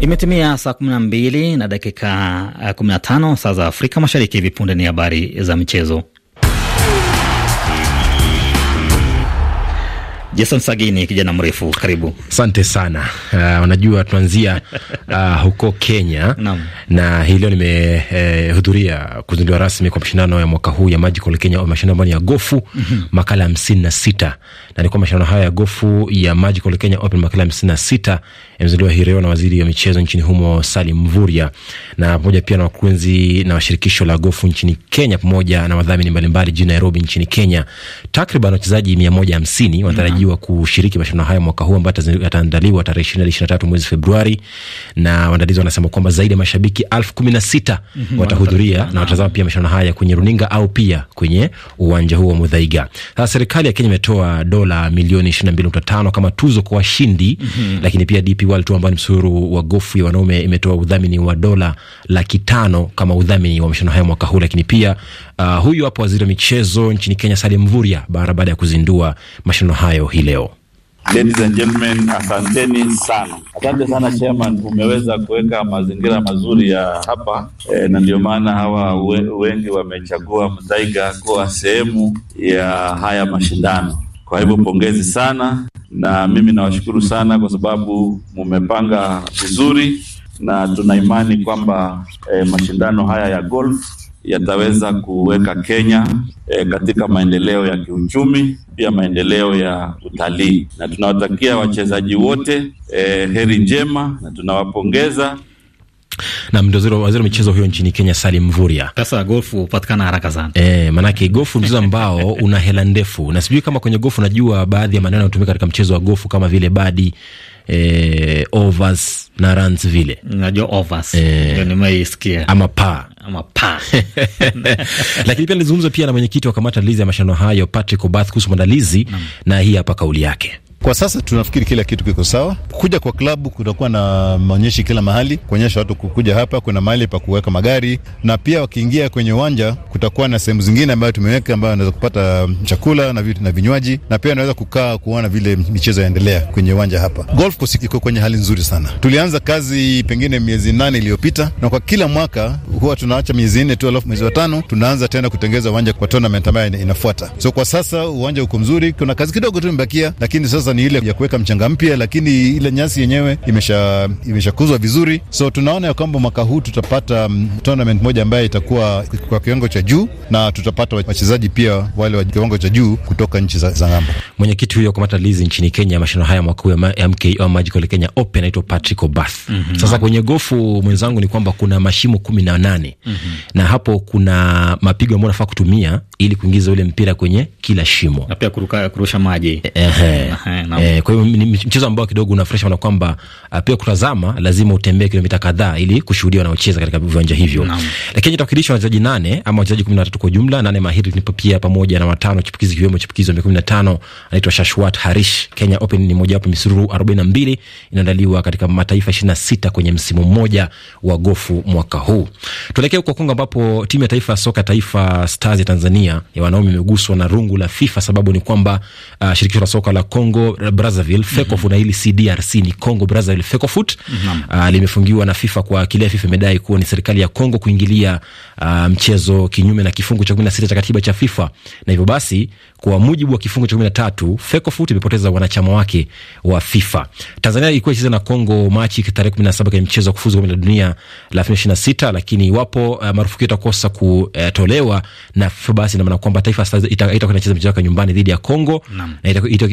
Imetimia saa 12 na dakika 15 eh, saa za Afrika Mashariki. Hivi punde ni habari za michezo. Jason Sagini, kijana mrefu, karibu. Asante sana. Uh, unajua, uh, tunaanzia uh, huko Kenya Nam. na hii leo nimehudhuria eh, kuzinduliwa rasmi kwa mashindano ya mwaka huu ya Magical Kenya, mashindano ambayo ni ya gofu mm -hmm. makala hamsini na sita na nilikuwa mashindano haya ya gofu ya Magical Kenya Open makala hamsini na sita yamezinduliwa hii leo na waziri wa michezo nchini humo Salim Mvurya na pamoja pia na wakurugenzi na washirikisho la gofu nchini Kenya pamoja na wadhamini mbalimbali jijini Nairobi nchini Kenya. Takriban wachezaji mia moja hamsini wanatarajiwa wanatarajiwa kushiriki mashindano hayo mwaka huu ambayo yataandaliwa tarehe ishirini hadi ishirini na tatu mwezi Februari, na waandalizi wanasema kwamba zaidi ya mashabiki elfu kumi na sita mhm. watahudhuria na watazama pia mashindano haya kwenye runinga au pia kwenye uwanja huo wa Mudhaiga. Sasa serikali ya Kenya imetoa dola milioni ishirini na mbili nukta tano kama tuzo kwa washindi mm -hmm. Lakini pia DP World Tour ambayo ni msururu wa gofu ya wanaume imetoa udhamini wa dola laki tano kama udhamini wa mashindano haya mwaka huu. Lakini pia uh, huyu hapo waziri wa michezo nchini Kenya Salim Mvurya baada ya kuzindua mashindano hayo hii leo. Ladies and gentlemen, asanteni sana, asante sana chairman, umeweza kuweka mazingira mazuri ya hapa e, na ndio maana hawa wengi wamechagua Mzaiga kuwa sehemu ya haya mashindano. Kwa hivyo pongezi sana, na mimi nawashukuru sana kwa sababu mumepanga vizuri, na tuna imani kwamba e, mashindano haya ya golf yataweza mm-hmm. kuweka mm-hmm. Kenya e, katika maendeleo ya kiuchumi, pia maendeleo ya utalii, na tunawatakia wachezaji wote e, heri njema na tunawapongeza na mdozo waziri wa michezo huyo nchini Kenya Salim Mvurya. Sasa gofu hupatikana haraka sana. Eh, manake gofu mchezo ambao una hela ndefu. Na sijui kama kwenye gofu najua baadhi ya maneno yanatumika katika mchezo wa gofu kama vile badi eh, overs na runs vile. Najua overs. Eh, ndio nimeisikia. Ama pa ama lakini pia nilizungumza pia na mwenyekiti wa kamati ya ya mashindano hayo Patrick Obath kuhusu maandalizi na hii hapa kauli yake. Kwa sasa tunafikiri kila kitu kiko sawa. Kuja kwa klabu, kutakuwa na maonyeshi kila mahali kuonyesha watu kukuja hapa. Kuna mahali pa kuweka magari, na pia wakiingia kwenye uwanja kutakuwa na sehemu zingine ambayo tumeweka, ambayo wanaweza kupata chakula na vitu na vinywaji, na pia wanaweza kukaa kuona vile michezo yaendelea kwenye uwanja hapa. Golf course iko kwenye hali nzuri sana. Tulianza kazi pengine miezi nane iliyopita, na kwa kila mwaka huwa tunaacha miezi nne tu, alafu mwezi wa tano tunaanza tena kutengeza uwanja kwa tournament ambayo inafuata. So kwa sasa uwanja uko mzuri, kuna kazi kidogo tu imebakia, lakini sasa sasa ni ile ya kuweka mchanga mpya, lakini ile nyasi yenyewe imesha imeshakuzwa vizuri, so tunaona ya kwamba mwaka huu tutapata mm, tournament moja ambayo itakuwa kwa kiwango cha juu na tutapata wachezaji pia wale wa kiwango cha juu kutoka nchi za, ng'ambo. Mwenyekiti huyo kwa kamati andalizi nchini Kenya mashindano haya mwaka huu ya MKO Magical Kenya Open anaitwa Patrick Obath. mm -hmm. Sasa kwenye gofu mwenzangu, ni kwamba kuna mashimo kumi na nane mm -hmm. na hapo kuna mapigo ambayo unafaa kutumia ili kuingiza ule mpira kwenye kila shimo na pia kuruka, kurusha maji Ehe. e, Eh, kwa hivyo ni mchezo ambao kidogo unafurahisha na kwamba ah, pia kutazama lazima utembee kilomita kadhaa ili kushuhudia wanaocheza katika viwanja hivyo. Lakini tutawakilisha wachezaji nane ama wachezaji 13 kwa jumla, nane mahiri nipo pia pamoja na watano chipukizi kiwemo chipukizi wa miaka 15 anaitwa Shashwat Harish. Kenya Open ni moja wapo misururu 42 inaandaliwa katika mataifa 26 kwenye msimu mmoja wa gofu mwaka huu. Tuelekee huko Kongo ambapo timu ya taifa soka Taifa Stars ya Tanzania ya wanaume imeguswa na rungu la FIFA. Sababu ni kwamba uh, shirikisho la soka la Kongo Congo Brazzaville Fecofoot, mhm. na hili CDRC ni Congo Brazzaville Fecofoot mhm. ah, limefungiwa na FIFA kwa kile FIFA imedai kuwa ni serikali ya Congo kuingilia ah, mchezo kinyume na kifungu cha 16 cha katiba cha FIFA, na hivyo basi kwa mujibu wa kifungu cha 13 Fecofoot imepoteza wanachama wake wa FIFA. Tanzania ilikuwa ikicheza na Congo Machi tarehe 17 kwenye mchezo wa kufuzu kombe la dunia la 2026, lakini iwapo uh, marufuku itakosa kutolewa na FIFA basi na maana kwamba Taifa Stars itakuwa inacheza mchezo wake nyumbani dhidi ya Congo na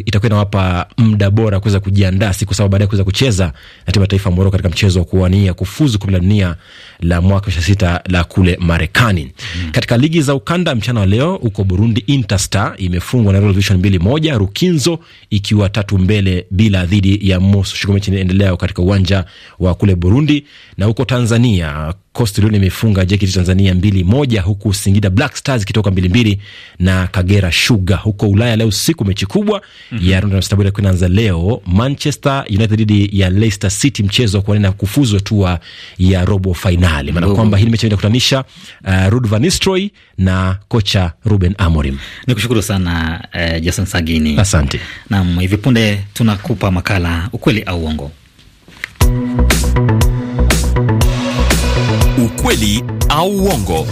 itakuwa inawapa mda muda bora kuweza kujiandaa siku saba baadaye kuweza kucheza na timu ya taifa Moroko katika mchezo wa kuwania kufuzu kombe la dunia la mwaka ishirini na sita la kule Marekani. Mm. Katika ligi za ukanda mchana wa leo huko Burundi, Interstar imefungwa na Royal Vision mbili moja, Rukinzo ikiwa tatu mbele bila dhidi ya Mosu. Shughuli inaendelea katika uwanja wa kule Burundi na huko Tanzania Coastal imefunga JKT Tanzania mbili moja, huku Singida Black Stars ikitoka mbili mbili na Kagera Sugar. Huko Ulaya leo siku mechi kubwa mm -hmm. ya runda ya sita kunaanza leo, Manchester United dhidi ya Leicester City, mchezo kwa nini kufuzwa tu ya robo fainali. maana kwamba hii mechi inakutanisha uh, Ruud van Nistelrooy na kocha Ruben Amorim. Nikushukuru sana uh, Jason Sagini, asante. Naam, hivi punde tunakupa makala ukweli au uongo ukweli au uongo.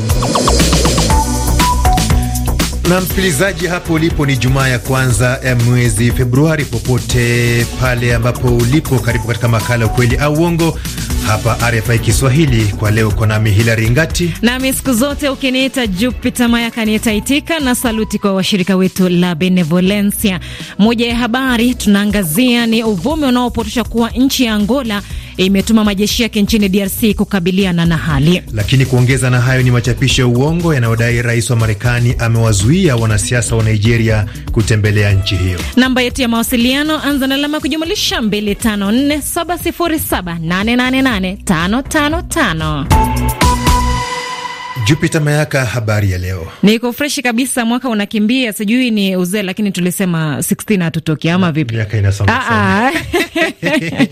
Na msikilizaji, hapo ulipo, ni Jumaa ya kwanza ya mwezi Februari. Popote pale ambapo ulipo, karibu katika makala ukweli au uongo hapa RFI Kiswahili. Kwa leo uko nami Hilari Ngati, nami siku zote ukiniita Jupita Mayaka nitaitika, na saluti kwa washirika wetu la Benevolencia. Moja ya habari tunaangazia ni uvumi unaopotosha kuwa nchi ya Angola Eh, imetuma majeshi yake nchini DRC kukabiliana na hali. Lakini kuongeza na hayo ni machapisho ya uongo yanayodai rais wa Marekani amewazuia wanasiasa wa Nigeria kutembelea nchi hiyo. Namba yetu ya mawasiliano anza na alama kujumulisha 254707888555 Jupiter Mayaka, habari ya leo. Niko freshi kabisa, mwaka unakimbia, sijui ni uzee, lakini tulisema 16 hatutoki ama vipi? Miaka inasonga ah, ah. sana.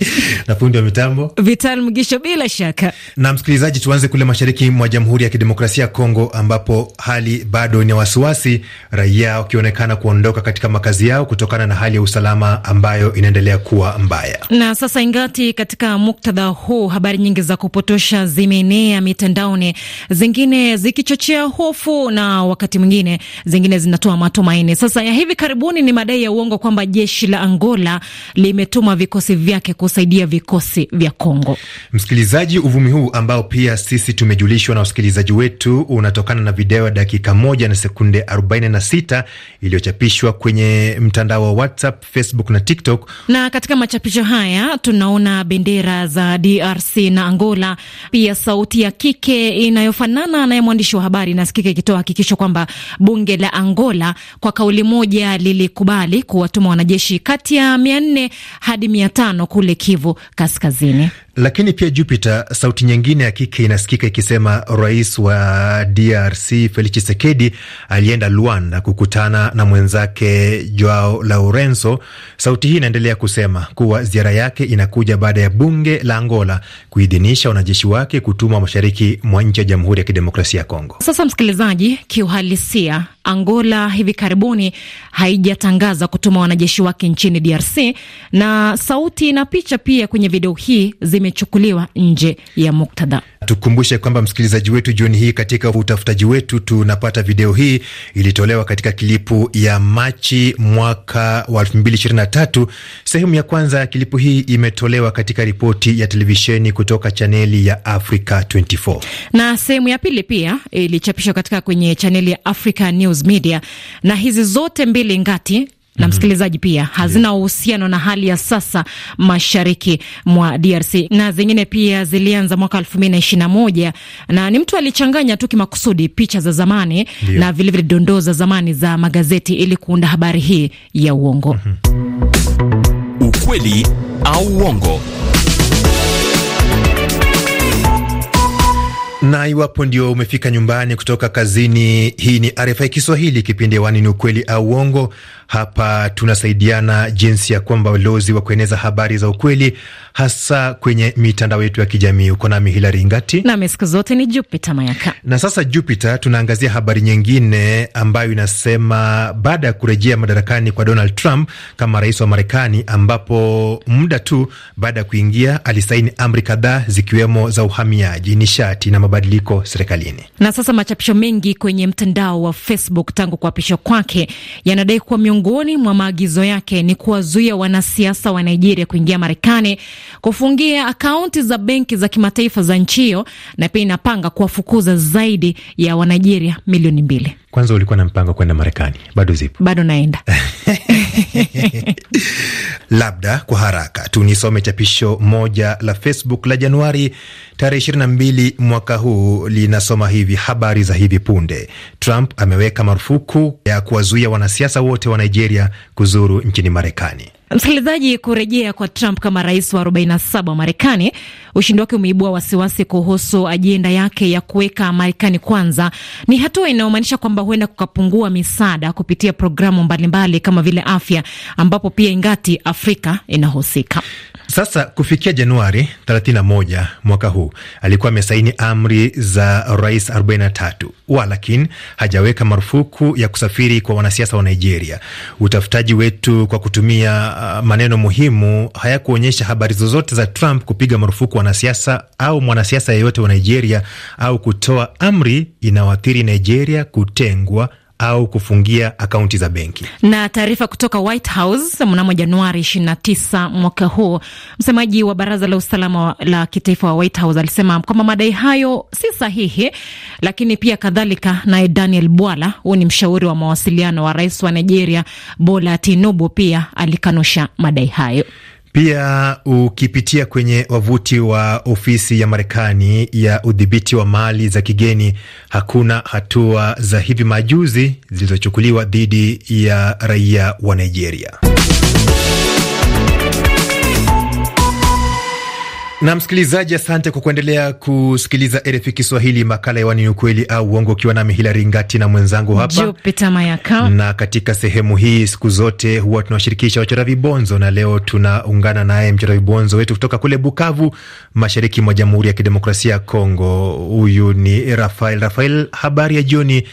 Na fundi wa mitambo Vital Mgisho, bila shaka. Na msikilizaji, tuanze kule mashariki mwa Jamhuri ya Kidemokrasia ya Kongo, ambapo hali bado ni wasiwasi, raia wakionekana kuondoka katika makazi yao kutokana na hali ya usalama ambayo inaendelea kuwa mbaya. Na sasa ingati katika muktadha huu, habari nyingi za kupotosha zimeenea mitandaoni, zingine zikichochea hofu na wakati mwingine zingine zinatoa matumaini. Sasa ya hivi karibuni ni madai ya uongo kwamba jeshi la Angola limetuma vikosi vyake kusaidia vikosi vya Kongo. Msikilizaji, uvumi huu ambao pia sisi tumejulishwa na wasikilizaji wetu unatokana na video ya dakika moja na sekunde 46 iliyochapishwa kwenye mtandao wa WhatsApp, Facebook na TikTok. Na katika machapisho haya tunaona bendera za DRC na Angola, pia sauti ya kike inayofanana naye mwandishi wa habari nasikika ikitoa hakikisho kwamba bunge la Angola kwa kauli moja lilikubali kuwatuma wanajeshi kati ya mia nne hadi mia tano kule Kivu Kaskazini. Lakini pia Jupiter, sauti nyingine ya kike inasikika ikisema rais wa DRC Felix chisekedi alienda Luanda kukutana na mwenzake Joao Lourenco. Sauti hii inaendelea kusema kuwa ziara yake inakuja baada ya bunge la Angola kuidhinisha wanajeshi wake kutumwa mashariki mwa nchi ya Jamhuri ya Kidemokrasia ya Kongo. Sasa msikilizaji, kiuhalisia Angola hivi karibuni haijatangaza kutuma wanajeshi wake nchini DRC, na sauti na picha pia kwenye video hii zimechukuliwa nje ya muktadha. Tukumbushe kwamba msikilizaji wetu, jioni hii katika utafutaji wetu tunapata video hii ilitolewa katika kilipu ya Machi mwaka wa 2023. Sehemu ya kwanza ya kilipu hii imetolewa katika ripoti ya televisheni kutoka chaneli ya Africa 24 na sehemu ya pili pia ilichapishwa katika kwenye chaneli ya Africa News Media, na hizi zote mbili ngati na mhm. msikilizaji pia hazina uhusiano na hali ya sasa mashariki mwa DRC na zingine pia zilianza mwaka elfu mbili na ishirini na moja na ni mtu alichanganya tu kimakusudi picha za zamani Dio. na vilevile dondoo za zamani za magazeti ili kuunda habari hii ya uongo. Mhm. Ukweli au uongo na iwapo ndio umefika nyumbani kutoka kazini, hii ni RFI Kiswahili, kipindi hewani ni ukweli au uongo. Hapa tunasaidiana jinsi ya kwamba ulozi wa kueneza habari za ukweli hasa kwenye mitandao yetu ya kijamii. Uko nami Hilari Ngati nami siku zote ni Jupiter Mayaka. Na sasa Jupiter, tunaangazia habari nyingine ambayo inasema baada ya kurejea madarakani kwa Donald Trump kama rais wa Marekani, ambapo muda tu baada ya kuingia alisaini amri kadhaa zikiwemo za uhamiaji, nishati na mabadiliko serikalini. Na sasa machapisho mengi kwenye mtandao wa Facebook tangu kuapishwa kwake yanadai kuwa miongoni mwa maagizo yake ni kuwazuia wanasiasa wa Nigeria kuingia Marekani, kufungia akaunti za benki za kimataifa za nchi hiyo, na pia inapanga kuwafukuza zaidi ya Wanigeria milioni mbili. Kwanza ulikuwa na mpango kwenda Marekani, bado zipo? Bado naenda Labda kwa haraka tu nisome chapisho moja la Facebook la Januari tarehe 22 mwaka huu, linasoma hivi: habari za hivi punde, Trump ameweka marufuku ya kuwazuia wanasiasa wote wa Nigeria kuzuru nchini Marekani. Msikilizaji, kurejea kwa Trump kama rais wa 47 wa Marekani, ushindi wake umeibua wasiwasi kuhusu ajenda yake ya kuweka Marekani kwanza. Ni hatua inayomaanisha kwamba huenda kukapungua misaada kupitia programu mbalimbali mbali kama vile afya, ambapo pia ingati Afrika inahusika. Sasa kufikia Januari 31 mwaka huu alikuwa amesaini amri za rais 43, walakini hajaweka marufuku ya kusafiri kwa wanasiasa wa Nigeria. Utafutaji wetu kwa kutumia uh, maneno muhimu hayakuonyesha habari zozote za Trump kupiga marufuku wanasiasa au mwanasiasa yeyote wa Nigeria au kutoa amri inayoathiri Nigeria kutengwa au kufungia akaunti za benki. Na taarifa kutoka White House mnamo Januari 29 mwaka huu, msemaji wa baraza la usalama la kitaifa wa White House alisema kwamba madai hayo si sahihi, lakini pia kadhalika, naye Daniel Bwala, huu ni mshauri wa mawasiliano wa rais wa Nigeria Bola Tinubu, pia alikanusha madai hayo. Pia ukipitia kwenye wavuti wa ofisi ya Marekani ya udhibiti wa mali za kigeni, hakuna hatua za hivi majuzi zilizochukuliwa dhidi ya raia wa Nigeria. na msikilizaji, asante kwa kuendelea kusikiliza RFI Kiswahili, makala wani ukweli au uongo, ukiwa nami Hilari Ngati na mwenzangu hapa Jupita Mayaka. Na katika sehemu hii siku zote huwa tunawashirikisha wachora vibonzo, na leo tunaungana naye mchora vibonzo wetu kutoka kule Bukavu, mashariki mwa Jamhuri ya Kidemokrasia ya Kongo. Huyu ni Rafael. Rafael, habari ya jioni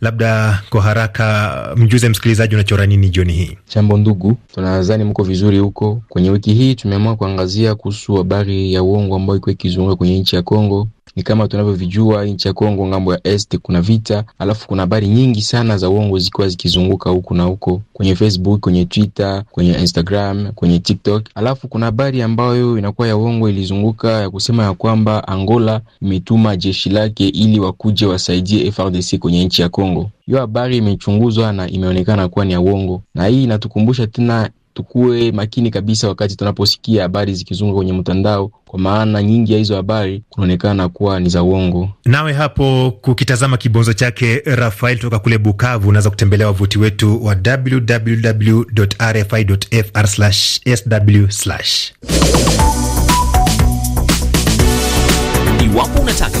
labda kwa haraka mjuze msikilizaji unachora nini jioni hii? Chambo ndugu, tunadhani mko vizuri huko. Kwenye wiki hii tumeamua kuangazia kuhusu habari ya uongo ambayo iko ikizunguka kwenye nchi ya Kongo ni kama tunavyovijua nchi ya Kongo ngambo ya Est kuna vita, alafu kuna habari nyingi sana za uongo zikiwa zikizunguka huku na huko kwenye Facebook, kwenye Twitter, kwenye Instagram, kwenye TikTok. Alafu kuna habari ambayo inakuwa ya uongo ilizunguka ya kusema ya kwamba Angola imetuma jeshi lake ili wakuje wasaidie FRDC kwenye nchi ya Kongo. Hiyo habari imechunguzwa na imeonekana kuwa ni ya uongo, na hii inatukumbusha tena tukuwe makini kabisa wakati tunaposikia habari zikizunga kwenye mtandao, kwa maana nyingi ya hizo habari kunaonekana kuwa ni za uongo. Nawe hapo kukitazama kibonzo chake Rafael toka kule Bukavu, unaweza kutembelea wavuti wetu wa www.rfi.fr/sw. Iwapo unataka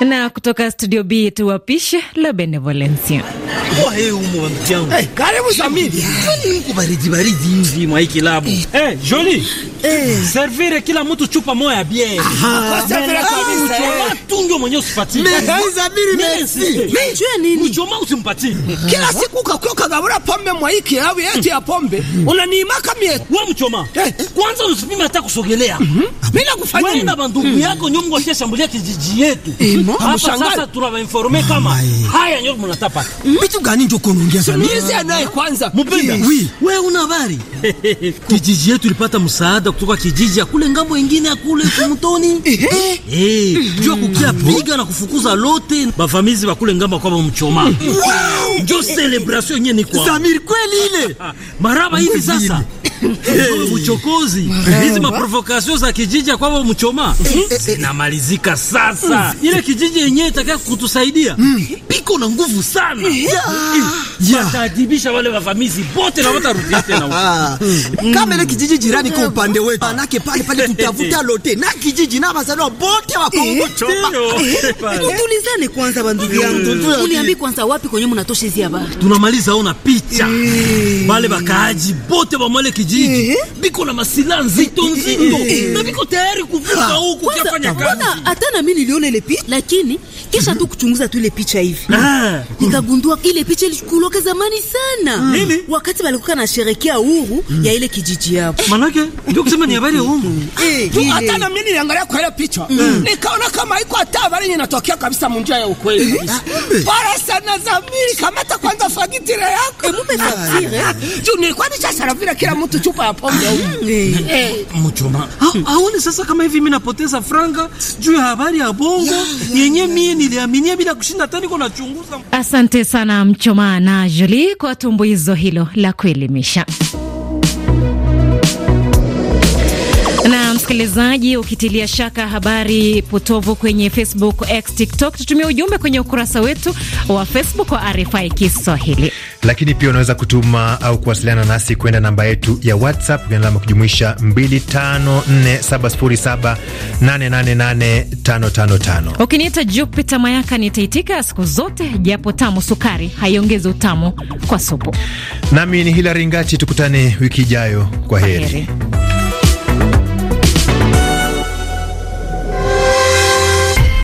Na kutoka studio B tuwapishe la Benevolencia. Eh, karibu Samiri, baridi baridi hivi mwa hii kilabu. Eh, eh Joli. Eh, servire kila mtu chupa moja ya biere. Mtu ndio mwenye usipatie. Mimi Samiri merci. Mimi je nini? Mchoma usimpatie. Kila siku ukakoka gabura pombe mwa hii kilabu yetu ya pombe. Unaniimaka mie. Wewe mchoma. Eh. Kwanza usipime hata kusogelea. Mhm. Bila kufanya. Wewe na bandugu mm. yako nyongo sheshambulia kijiji yetu. Shimo? Sasa tunawainforme kama haya ndio mnatapata. Mm. Vitu gani ndio kuongea sana? Mimi anaye kwanza. Mpenda. Oui. Wewe una habari? Kijiji yetu ilipata msaada kutoka kijiji ya kule ngambo nyingine ya kule kumtoni. Eh. Eh, ndio mm-hmm. kukia piga na kufukuza lote bavamizi bakule ngambo kwa mchoma. Mm. Ndio eh. celebration yenyewe ni kwa. Samir kweli ile. Maraba hivi sasa. Eh. Uchokozi. Hizi maprovocations za kijiji kwa mchoma. Eh. Zinamalizika sasa. Mm. Ile kijiji yenyewe itakaye kutusaidia mm. Piko na nguvu sana yeah. Eh, yeah. Wataadhibisha wale wavamizi bote na watarudia tena mm. Kama ile kijiji jirani kwa upande wetu, manake pale pale tutavuta lote na kijiji na wasana bote wako eh, kuchopa. Eh, Tutulizane kwanza bandugu yangu, uniambi kwanza wapi kwenye mnatosha hizi habari. Tunamaliza ona picha wale wakaaji bote wa mwale kijiji biko na masila nzito nzito na biko tayari kuvuka ah. huku kufanya kazi. Hata na mimi niliona ile picha lakini kisha tu kuchunguza tu ile picha hivi, ah, nikagundua ile picha ilikuloka zamani sana mm. wakati walikuwa na sherekea uhuru hmm. ya ile kijiji yao. Manake ndio kusema ni habari ya hmm. uhuru hmm. eh, hata na mimi niliangalia kwa ile picha nikaona kama haiko hata habari inatokea kabisa munjia ya ukweli. Eh, ah. Bora sana zamiri, kamata kwanza fagitire yako eh, e, mume ah. fagitire juu nilikuwa nishasaravira kila mtu chupa ya pombe eh mchoma. Aone sasa kama hivi mimi napoteza franga juu ya habari ya bongo yenye mie niliaminia bila kushinda hata niko nachunguza. Asante sana Mchoma na Julie kwa tumbuizo hilo la kuelimisha. msikilizaji, ukitilia shaka habari potovu kwenye Facebook, X, TikTok, tutumia ujumbe kwenye ukurasa wetu wa Facebook wa RFI Kiswahili. Lakini pia unaweza kutuma au kuwasiliana nasi kwenda namba yetu ya WhatsApp alama kujumuisha 254707888555. Ukiniita Jupiter Mayaka nitaitika siku zote, japo tamu sukari haiongezi utamu kwa supu. Nami ni Hilari Ngati, tukutane wiki ijayo. Kwa heri.